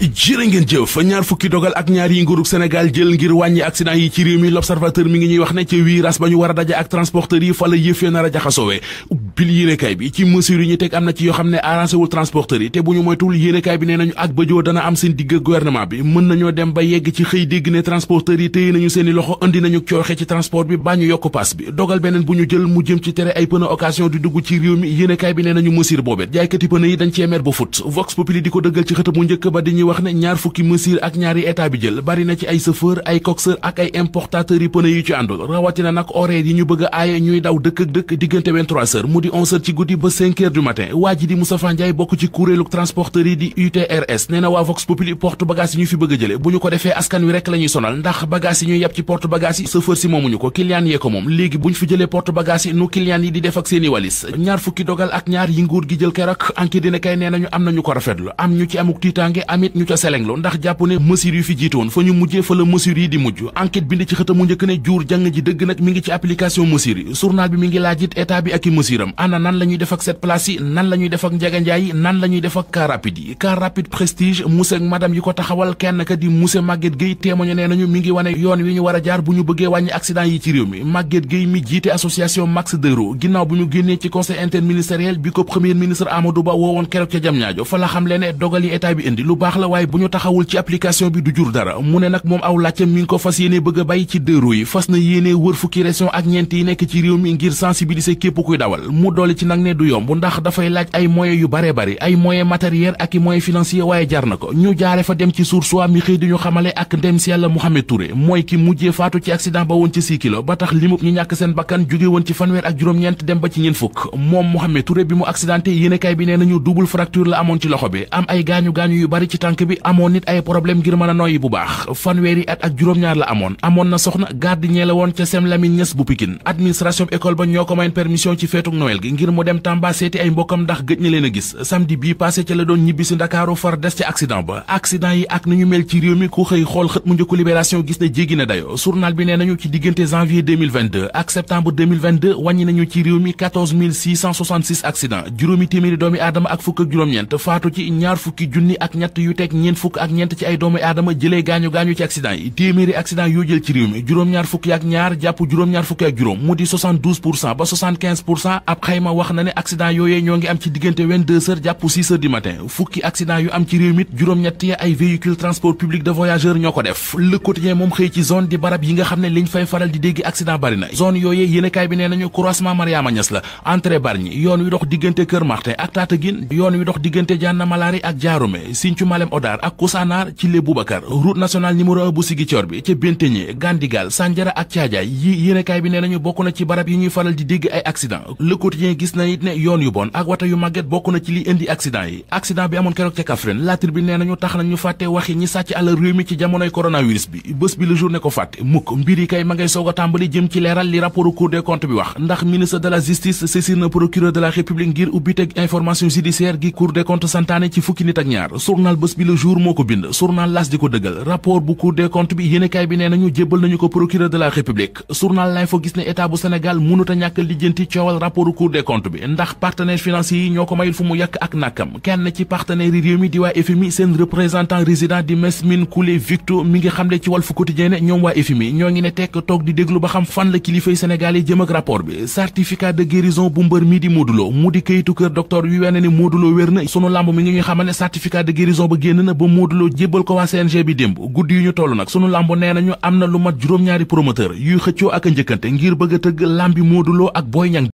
jërë ngeen jëf ñaar fukki dogal ak ñaar yi nguurug Sénégal jël ngir wàññi accident yi ci réew mi l'observateur mi ngi ñuy wax ne ci virage ba ñu war a ak transporteurs yi fa la yëf ya nar a jaxasoowee bil bi ci mesure yi ñu teg am na ci yoo xam ne arrangé wul yi te bu ñu moytul yéenekaay bi nee nañu ak bëjoo dana am seen digg gouvernement bi mën nañoo dem ba yegg ci xëy dégg ne transporteurs yi téye nañu seeni loxo indi nañu ba dañuy wax ne ñaar fukki mesure ak ñaari état bi jël bari na ci ay chauffeur ay coxeur ak ay importateurs yi pneu yu ci àndul rawatina nag horaire yi ñu bëgg a aaye ñuy daw dëkk ak dëkk diggante 23 heures mu di 11 ci guddi ba 5 heures du waa ji di Moustapha Ndiaye bokk ci kuréelu transporteurs yi di UTRS nee waa Vox Populi porte bagage yi ñu fi bëgg jële bu ñu ko defee askan wi rek la sonal ndax bagage yi ñuy yàpp ci porte bagage yi chauffeur si moomuñu gi jël keroog amit ñu ca selenglo ndax jàpp ne mesures yu fi jiitoon fa ñu mujjee fa la mesures yi di mujj enquête bind ci xëtamu njëkk ne juur jàng ji dëgg nag mi ngi ci application mesures yi journal bi mi ngi laajit état bi ak i mesures am ana nan la ñuy def ak cette place yi nan la ñuy def ak njeganjaay yi nan la def ak car rapide yi car rapide prestige monsieur ak madame yi ko taxawal kenn ka di monsieur Maguette Gueye témoigné nee nañu mi ngi wane yoon wi ñu war a jaar bu ñu bëggee wàññi accident yi ci réew mi Maguette Gueye mi jiite bu ñu génnee ci conseil interministériel bi ko premier ministre Amadou Ba woowoon keroog ca xam leen ne dogal yi bi indi lu baax la waaye bu ñu taxawul ci application bi du jur dara mu ne nag moom aw laajte mi ko fas yéene bëgg a bàyyi ci dëru yi fas na yéene wër fukki région ak ñeent yi nekk ci réew mi ngir sensibiliser képp kuy dawal mu doole ci nag ne du yomb ndax dafay laaj ay moyens yu bare bari ay moyens matériels ak i moyens financiers waaye jar na ko ñu jaare fa dem ci source wa mi xëy di xamale ak ndem si yàlla Mohamed Touré mooy ki mujjee faatu ci accident bari amoon nit ay problème ngir mën a noyyi bu baax fanweeri at ak juróom-ñaar la amoon amoon na soxna gardien la woon ca sem Lamine bu Pikine administration école ba ñoo ko mayoon permission ci feetuk Noël gi ngir mu dem Tamba seeti ay mbokkam ndax gëj na leen a gis samedi bii passé ca la doon ñibbi Ndakaaru far des ci accident ba accident yi ak ni ñu mel ci réew mi ku xëy xool xët mu njëkku libération gis ne jéggi na dayo journal bi nee nañu ci ñett yu teg ñeent fukk ak ñeent ci ay doomu aadama jëlee gaañu-gaañu ci accident yi téeméeri accident yoo jël ci réew mi juróom-ñaar fukki ak ñaar jàpp juróom mu di pour cent ba pour cent ab xayma wax na ne accident yooyee ñoo ngi am ci diggante 22 heures jàpp 6 heures du matin fukki accident yu am ci réew mi juróom-ñett ya ay véhicule transport public de voyageurs ñoo ko def Le Quotidien moom xëy ci zone di barab yi nga xam ne liñ fay faral ci Malem Hodar ak Koussanar ci Lé Boubacar route nationale numéro bu Ziguinchor bi ca Benteñe Gandigal Sandiara ak Thiadiaye yéenekaay bi nee nañu bokk na ci barab yi ñuy faral di dégg ay accident Le Quotidien gis na it ne yoon yu bon ak wata yu màgget bokk na ci li indi accident yi accident bi amoon keroog ca Kaffrine La Tribune nee nañu tax nañu fàtte waxi ñi sàcc àlal réew mi ci jamonoy coronavirus bi bés bi le jour ne ko fàtte mukk mbir yi kay ma journal las di ko dëggal rapport bu cour des bi yéenekaay bi nee nañu jébbal nañu ko procureur de la république journal lay fo gis ne état bu sénégal mënut ñàkk lijjanti coowal rapport cour des comptes bi ndax partenaires financiers yi ñoo ko mayul fu mu yàkk ak nàkkam kenn ci partenaires réew mi di waa FMI seen représentant résident di Mesmin Coulé Victor mi ngi xamle ci Walf Quotidien ne ñoom waa FMI ñoo ngi ne tekk toog di déglu ba xam saison génn na ba Modou Lo jébbal ko waa CNG bi démb guddi yu ñu toll nag sunu lamb nee nañu am na lu ma juróom-ñaari promoteur yuy xëccoo ak a njëkkante ngir bëgg tëgg lambi Modou Lo ak Boy ñan